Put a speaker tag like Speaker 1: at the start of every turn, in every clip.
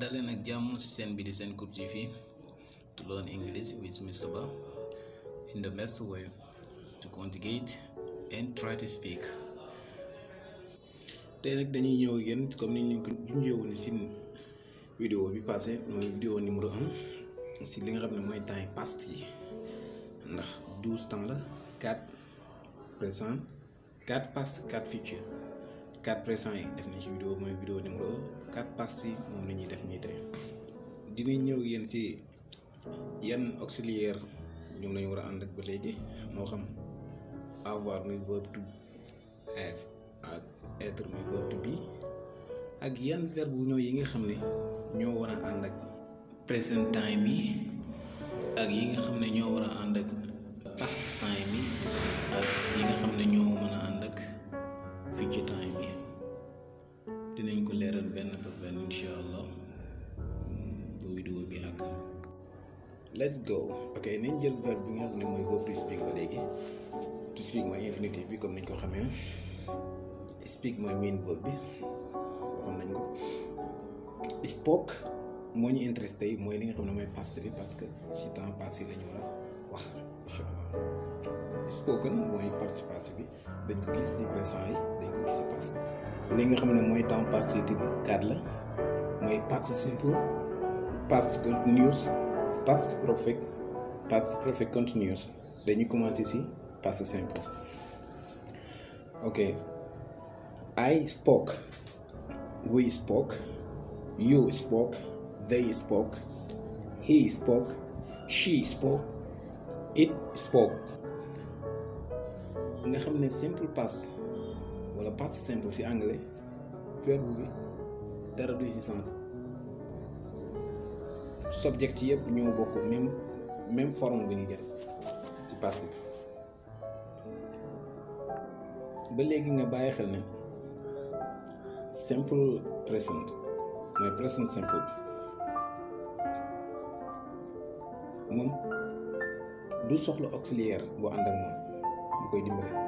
Speaker 1: dalee nag jàmm ci seen bi to learn English with Mr. Ba in the best way to conjugate and try to speak tey nag dañuy ñëw ak yéen comme ni ñu ko junjee woon ci vidéo bi passé mooy vidéo numéro un ci li nga xam ne mooy temps past yi ndax douze présent four past four future. quatre présents yi def na ci vidéo mooy vidéo numéro quatre parties moom la ñuy def nii tey dinañ ñëw yéen si yan auxiliaire ñoom lañu war a ànd ak ba léegi moo xam kan avoir muy verb to have ak être muy verb to be ak yan verbe wu ñoo yi nga xam ne ñoo war a ànd ak present time yi ak yi nga xam ne ñoo war a ànd ak past time yi ak yi nga xam ne ñoo mën a ànd ak future time dinañ ko leeral benn par benn insha allah bu mm, vidéo bi ak let's go ok nañ jël verbe bi nga xam ne mooy verbe to speak ba léegi to speak mooy infinitif bi comme niñ ko xamee speak mooy main verbe bi waxoon nañ ko spoke moo ñu interesté mooy li nga xam ne mooy passé bi parce que ci temps passé lañu war a wax incha allah spoken mooy participation bi dañ ko gis si présent yi dañ ko gis si passé li nga xam ne pass temps participe 4 la pass past simple pass continuous pass perfect past perfect continuous dañuy commencer ci past simple ok I spoke we spoke you spoke they spoke he spoke she spoke it spoke nga xam simple pass. wala past simple si anglais verbe bi dara du ci sens subject ñoo bokk même même forme bi ñu jël si past ba légui nga bàyyi xel ne simple present mooy present simple bi moom du soxla auxiliaire bu ànd ak moom bu koy dimbale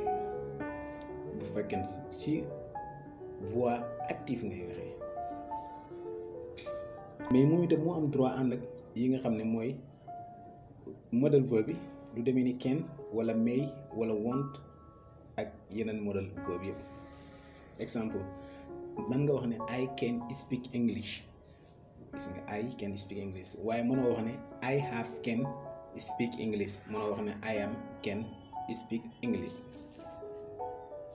Speaker 1: fekkee ci voie active ngay waxee mais moom itam moo am droit ànd ak yi nga xam ne mooy bi demee ni can wala may wala want ak yeneen modal verb yëpp exemple man nga wax ne I can speak English gis nga I can speak English waaye mënoo wax ne I have can speak English mënoo wax ne I am can speak English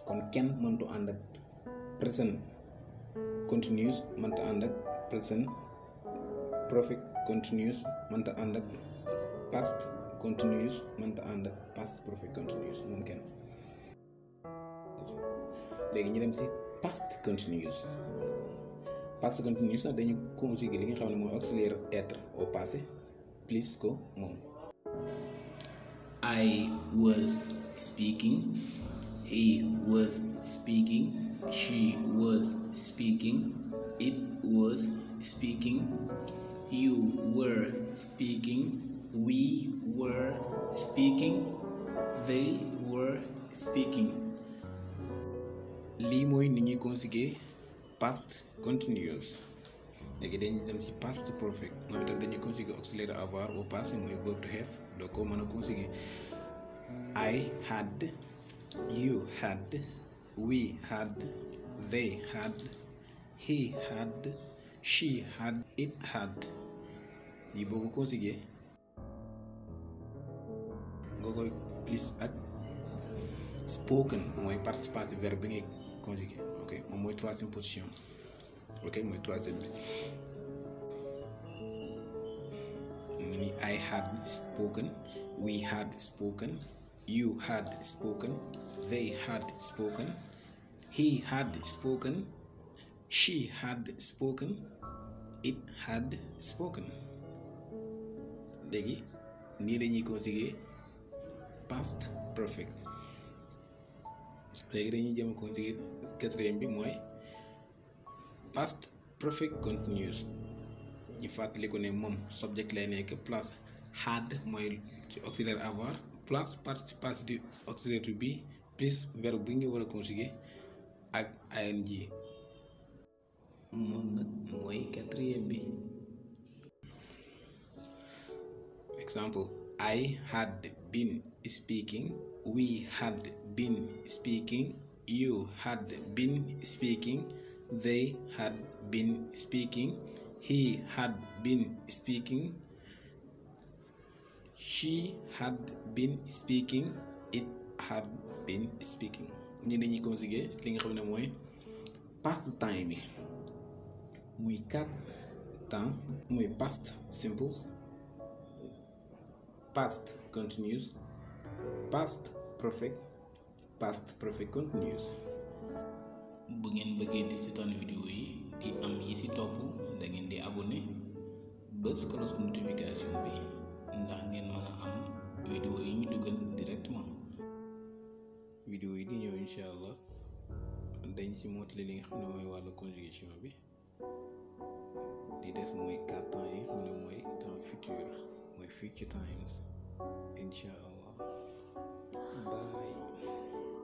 Speaker 1: kon kenn mëntu ànd ak present continuous mënta ànd ak present perfect continuous mënta ànd ak past continuous mënta ànd ak past perfect continuous moom kenn léegi ñu dem ci past continuous past continuous nag dañu conjuguer li nga xam ne mooy auxiliaire être au passé plus ko moom I was speaking He was speaking. She was speaking. It was speaking. You were speaking. We were speaking. They were speaking. lii mooy ni ñuy conjuguer past continuous léegi dañuy dem ci past perfect moom itam dañuy conjuguer auxiliaire avoir au passé mooy verbe to have doo ko mën a I had you had, we had, they had, he had, she had, it had. Dibogo ko sige. Gogo please at spoken mo'y participatif verb bi ngay conjugué ok moom mooy troisième position ok mo'y troisième ni I had spoken we had spoken you had spoken They had spoken. He had spoken. She had spoken. It had spoken. Degi, nii dañuy conjuguer past perfect léegi dañuy jëm conjuguer quatrième bi mooy past perfect continuous fat fàttaliku ne mom, subject lay nekk plus had mooy auxiliary avoir plus participe du auxiliaire to be Please verbe bi ñu war a conjuguer ak ing moom nag mooy quatrième bi example I had been speaking we had been speaking you had been speaking they had been speaking he had been speaking she had been speaking it had been speaking ni dañuy conjuguer li nga xam moy past time yi muy kat temps muy past simple past continuous past perfect past perfect continuous bu ngeen bëggee di seetaan vidéo yi di am yi si topp da ngeen di abonné bës cloche notification bi ndax ngeen mën a am vidéo yi ñu dugal directement vidéo yi di ñëw incha allah dañ ci mottali li nga xam ne mooy wàllu conjugation bi li des mooy quatre temps yi nga xam ne temps futur mooy future times incha bye